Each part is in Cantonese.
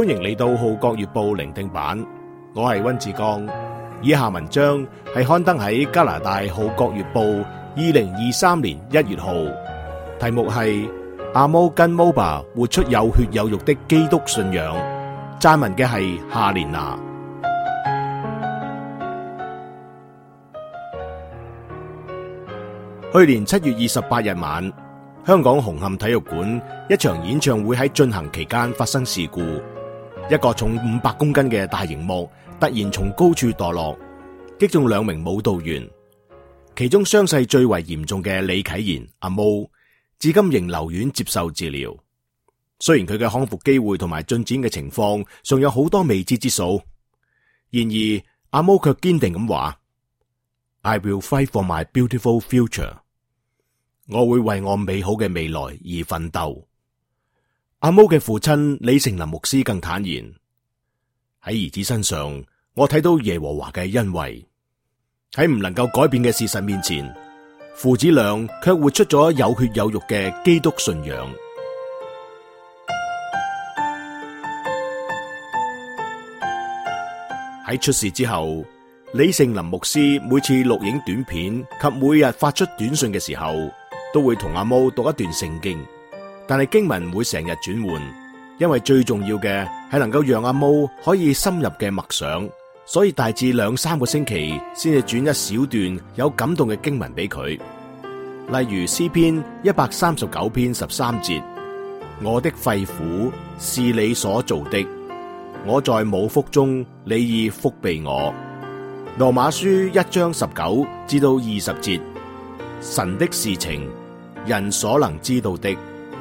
歡迎嚟到《浩國月報》聆聽版，我係溫志剛。以下文章係刊登喺加拿大《浩國月報》二零二三年一月號，題目係《阿 Mo 跟 Mo 爸活出有血有肉的基督信仰》，撰文嘅係夏蓮娜。去年七月二十八日晚，香港紅磡體育館一場演唱會喺進行期間發生事故。一個重五百公斤嘅大熒幕突然從高處墮落，擊中兩名舞蹈員，其中傷勢最為嚴重嘅李啟言阿 Mo，至今仍留院接受治療。雖然佢嘅康復機會同埋進展嘅情況仲有好多未知之數，然而阿 Mo 卻堅定咁話：I will fight for my beautiful future。我會為我美好嘅未來而奮鬥。阿 Mo 嘅父親李盛林牧師更坦言：喺兒子身上，我睇到耶和華嘅恩惠。喺唔能夠改變嘅事實面前，父子倆却活出咗有血有肉嘅基督信仰。喺出事之後，李盛林牧師每次錄影短片及每日發出短信嘅時候，都會同阿 Mo 讀一段聖經。但係經文會成日轉換，因為最重要嘅係能夠讓阿 Mo 可以深入嘅默想，所以大致兩三個星期先至轉一小段有感動嘅經文俾佢。例如詩篇一百三十九篇十三節：我的肺腑是你所做的，我在母腹中，你已覆庇我。羅馬書一章十九至到二十節：神的事情，人所能知道的。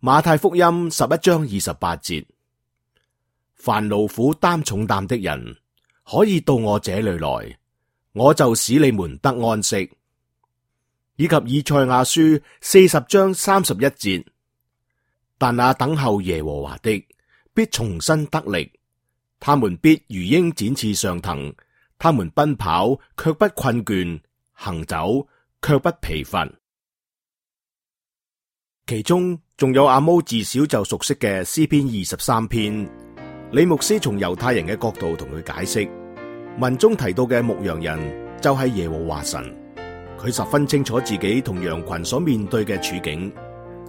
馬太福音十一章二十八節：凡勞苦擔重擔的人，可以到我這裏來，我就使你們得安息。以及以賽亞書四十章三十一節：但那等候耶和華的，必重新得力；他們必如鷹展翅上騰，他們奔跑卻不困倦，行走卻不疲乏。其中。仲有阿 Mo 自小就熟悉嘅詩篇二十三篇，李牧師從猶太人嘅角度同佢解釋，文中提到嘅牧羊人就係耶和華神，佢十分清楚自己同羊群所面對嘅處境。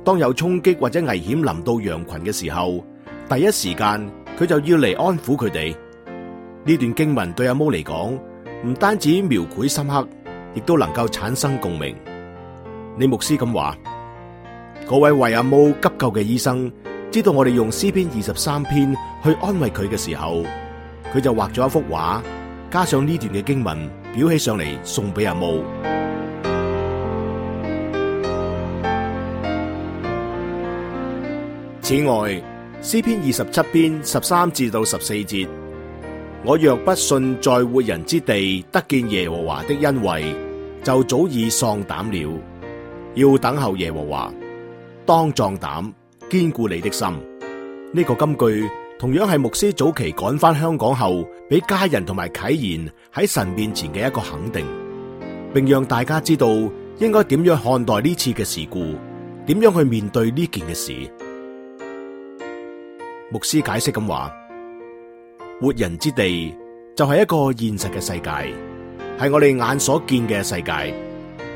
當有衝擊或者危險臨到羊群嘅時候，第一時間佢就要嚟安撫佢哋。呢段經文對阿 Mo 嚟講，唔單止描繪深刻，亦都能夠產生共鳴。李牧師咁話。嗰位為阿 Mo 急救嘅醫生，知道我哋用詩篇二十三篇去安慰佢嘅時候，佢就畫咗一幅畫，加上呢段嘅經文，裱起上嚟，送俾阿 Mo。此外，詩篇二十七篇十三至到十四節，我若不信在活人之地得見耶和華的恩惠，就早已喪膽了，要等候耶和華。當壯膽，堅固你的心。呢個金句同樣係牧師早期趕翻香港後，俾家人同埋啟言喺神面前嘅一個肯定，並讓大家知道應該點樣看待呢次嘅事故，點樣去面對呢件嘅事。牧師解釋咁話：「活人之地就係一個現實嘅世界，係我哋眼所見嘅世界。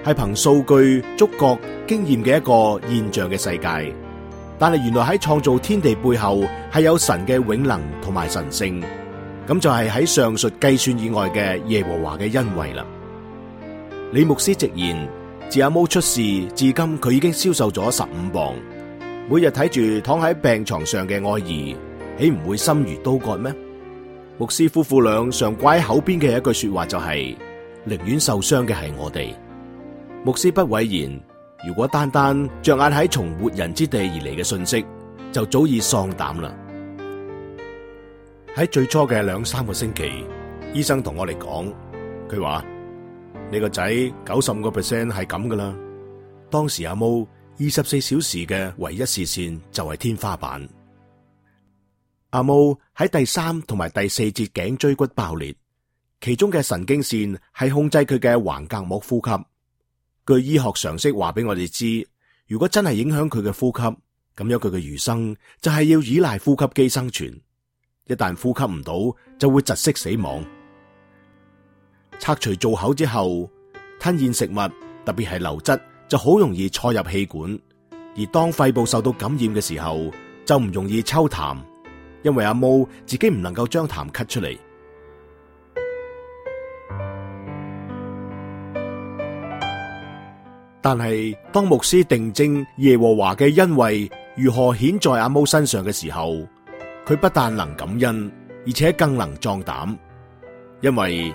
係憑數據、觸覺、經驗嘅一個現象嘅世界，但係原來喺創造天地背後係有神嘅永能同埋神聖，咁就係喺上述計算以外嘅耶和華嘅恩惠啦。李牧師直言，自阿 Mo 出事至今，佢已經消瘦咗十五磅。每日睇住躺喺病床上嘅愛兒，豈唔會心如刀割咩？牧師夫婦兩常掛喺口邊嘅一句說話就係：寧願受傷嘅係我哋。牧師不諱言，如果單單着眼喺從活人之地而嚟嘅訊息，就早已喪膽啦。喺最初嘅兩三個星期，醫生同我哋講，佢話：你個仔九十五個 percent 係咁噶啦。當時阿 Mo 二十四小時嘅唯一視線就係天花板。阿 Mo 喺第三同埋第四節頸椎骨爆裂，其中嘅神經綫係控制佢嘅橫膈膜呼吸。據醫學常識話俾我哋知，如果真係影響佢嘅呼吸，咁樣佢嘅餘生就係要依賴呼吸機生存。一旦呼吸唔到，就會窒息死亡。拆除造口之後，吞咽食物，特別係流質就好容易錯入氣管，而當肺部受到感染嘅時候，就唔容易抽痰，因為阿 Mo 自己唔能夠將痰咳出嚟。但係，當牧師定正耶和華嘅恩惠如何顯在阿 Mo 身上嘅時候，佢不但能感恩，而且更能壯膽。因為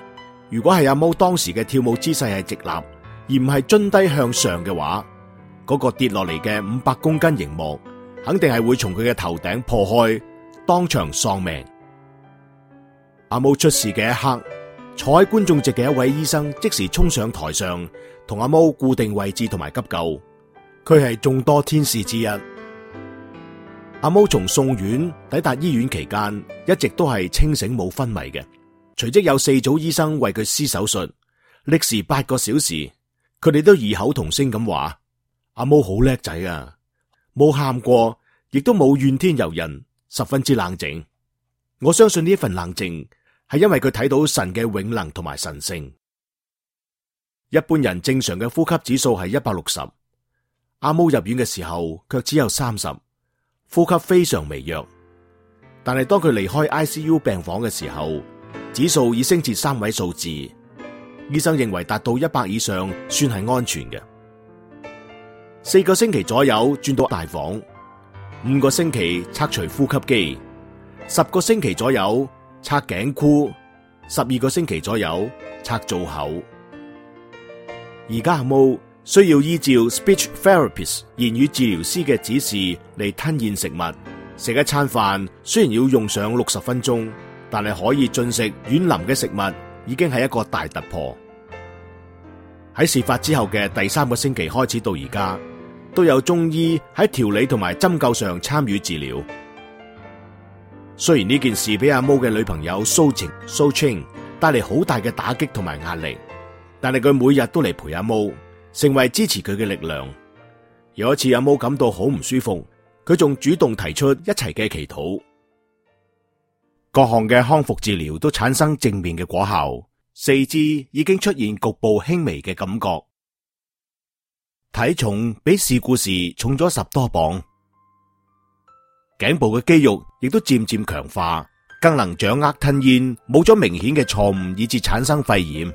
如果係阿 Mo 當時嘅跳舞姿勢係直立，而唔係蹲低向上嘅話，嗰個跌落嚟嘅五百公斤熒幕，肯定係會從佢嘅頭頂破開，當場喪命。阿 Mo 出事嘅一刻，坐喺觀眾席嘅一位醫生即時衝上台上。同阿 Mo 固定位置同埋急救，佢係眾多天使之一。阿 Mo 從送院抵達醫院期間，一直都係清醒冇昏迷嘅。隨即有四組醫生為佢施手術，歷時八個小時，佢哋都異口同聲咁話：阿 Mo 好叻仔啊，冇喊過，亦都冇怨天尤人，十分之冷靜。我相信呢份冷靜係因為佢睇到神嘅永能同埋神聖。一般人正常嘅呼吸指數係一百六十，阿 Mo 入院嘅時候卻只有三十，呼吸非常微弱。但係當佢離開 ICU 病房嘅時候，指數已升至三位數字。醫生認為達到一百以上算係安全嘅。四個星期左右轉到大房，五個星期拆除呼吸機，十個星期左右拆頸箍，十二個星期左右拆造口。而家阿 Mo 需要依照 speech therapist 言語治療師嘅指示嚟吞咽食物，食一餐飯雖然要用上六十分鐘，但係可以進食軟腍嘅食物，已經係一個大突破。喺事發之後嘅第三個星期開始到而家，都有中醫喺調理同埋針灸上參與治療。雖然呢件事俾阿 Mo 嘅女朋友蘇晴蘇青帶嚟好大嘅打擊同埋壓力。但係佢每日都嚟陪阿 Mo，成為支持佢嘅力量。有一次，阿 Mo 感到好唔舒服，佢仲主動提出一齊嘅祈禱。各項嘅康復治療都產生正面嘅果效，四肢已經出現局部輕微嘅感覺，體重比事故時重咗十多磅，頸部嘅肌肉亦都漸漸強化，更能掌握吞嚥，冇咗明顯嘅錯誤，以致產生肺炎。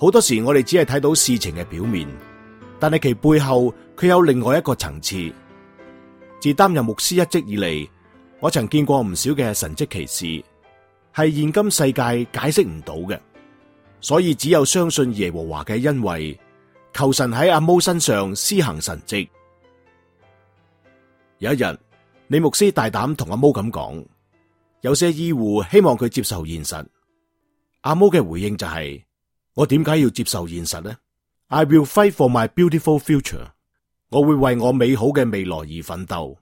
好多時我哋只係睇到事情嘅表面，但係其背後佢有另外一個層次。自擔任牧師一職以嚟，我曾見過唔少嘅神蹟奇事，係現今世界解釋唔到嘅。所以只有相信耶和華嘅恩惠，求神喺阿 Mo 身上施行神蹟。有一日，李牧師大膽同阿 Mo 咁講，有些醫護希望佢接受現實。阿 Mo 嘅回應就係，是。我點解要接受現實呢？I will fight for my beautiful future。我會為我美好嘅未來而奮鬥。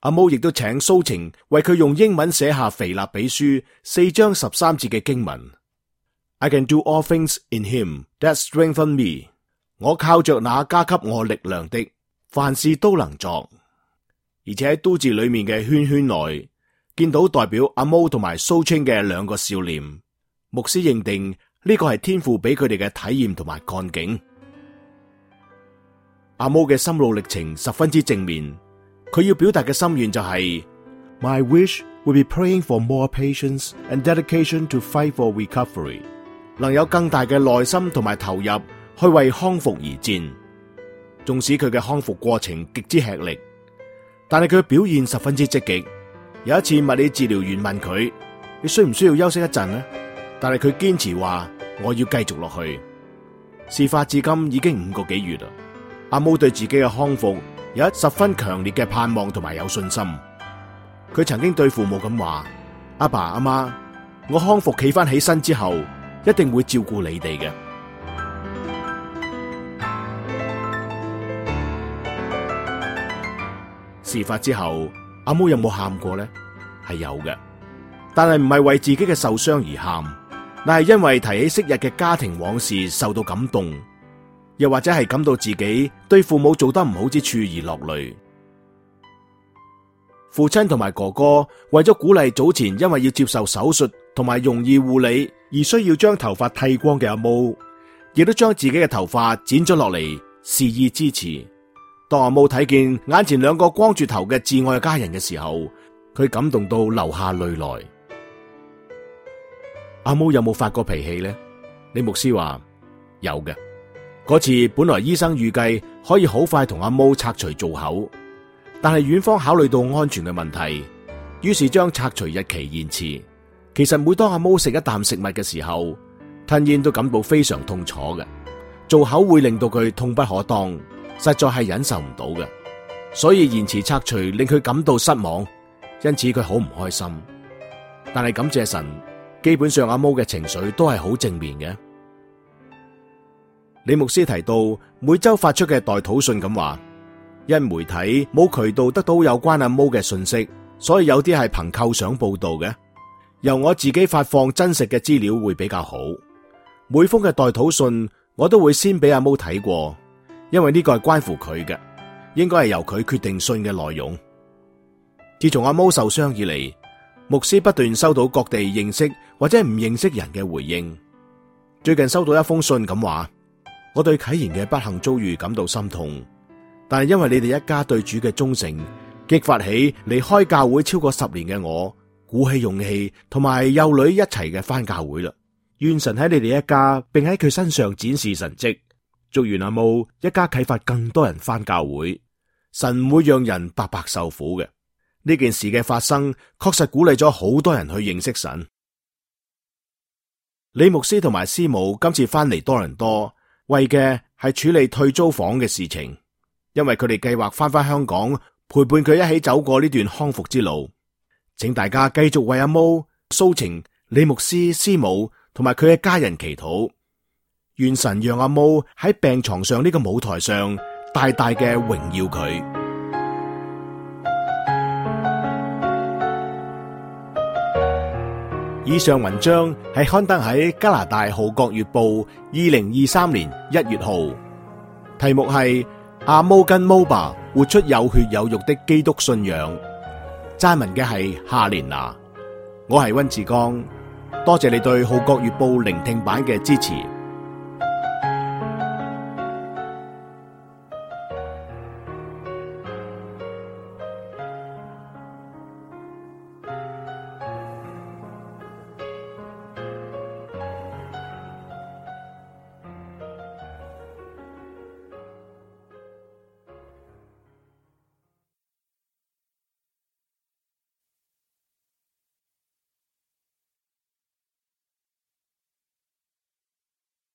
阿 Mo 亦都請蘇晴為佢用英文寫下腓立比書四章十三節嘅經文。I can do all things in Him that strengthen me。我靠着那加給我力量的，凡事都能作。而且喺都字裏面嘅圈圈內，見到代表阿 Mo 同埋蘇晴嘅兩個少年。牧師認定。呢個係天父俾佢哋嘅體驗同埋幹勁。阿 Mo 嘅心路歷程十分之正面，佢要表達嘅心願就係：My wish will be praying for more patience and dedication to fight for recovery。能有更大嘅耐心同埋投入去為康復而戰，縱使佢嘅康復過程極之吃力，但係佢表現十分之積極。有一次物理治療員問佢：你需唔需要休息一陣呢？但係佢堅持話。我要繼續落去。事發至今已經五個幾月啦，阿 Mo 對自己嘅康復有一十分強烈嘅盼望同埋有信心。佢曾經對父母咁話：阿爸阿媽，我康復企翻起身之後，一定會照顧你哋嘅。事發之後，阿 Mo 有冇喊過呢？係有嘅，但係唔係為自己嘅受傷而喊。但係因為提起昔日嘅家庭往事受到感動，又或者係感到自己對父母做得唔好之處而落淚。父親同埋哥哥為咗鼓勵早前因為要接受手術同埋容易護理而需要將頭髮剃光嘅阿 Mo，亦都將自己嘅頭髮剪咗落嚟，示意支持。當阿 Mo 睇見眼前兩個光住頭嘅至愛嘅家人嘅時候，佢感動到流下淚來。阿 Mo 有冇發過脾氣呢？李牧師話有嘅。嗰次本來醫生預計可以好快同阿 Mo 拆除造口，但係院方考慮到安全嘅問題，於是將拆除日期延遲。其實每當阿 Mo 食一啖食物嘅時候，吞咽都感到非常痛楚嘅。造口會令到佢痛不可當，實在係忍受唔到嘅。所以延遲拆除令佢感到失望，因此佢好唔開心。但係感謝神。基本上阿 Mo 嘅情緒都係好正面嘅。李牧師提到每周發出嘅代禱信咁話，因媒體冇渠道得到有關阿 Mo 嘅信息，所以有啲係憑構想報道嘅。由我自己發放真實嘅資料會比較好。每封嘅代禱信我都會先俾阿 Mo 睇過，因為呢個係關乎佢嘅，應該係由佢決定信嘅內容。自從阿 Mo 受傷以嚟，牧師不斷收到各地認識或者係唔認識人嘅回應。最近收到一封信咁話：「我對啟言嘅不幸遭遇感到心痛，但係因為你哋一家對主嘅忠誠，激發起離開教會超過十年嘅我，鼓起勇氣同埋幼女一齊嘅返教會啦。願神喺你哋一家，並喺佢身上展示神跡。做完阿 Mo 一家，啟發更多人返教會。神唔會讓人白白受苦嘅。呢件事嘅發生，確實鼓勵咗好多人去認識神。李牧師同埋師母今次翻嚟多倫多，為嘅係處理退租房嘅事情，因為佢哋計劃翻返香港，陪伴佢一起走過呢段康復之路。請大家繼續為阿 Mo、蘇晴、李牧師、師母同埋佢嘅家人祈禱，願神讓阿 Mo 喺病床上呢個舞台上大大嘅榮耀佢。以上文章係刊登喺加拿大《號角月報》二零二三年一月號，題目係《阿 Mo 跟 Mo 爸活出有血有肉的基督信仰》。撰文嘅係夏蓮娜，我係温志剛，多謝你對《號角月報》聆聽版嘅支持。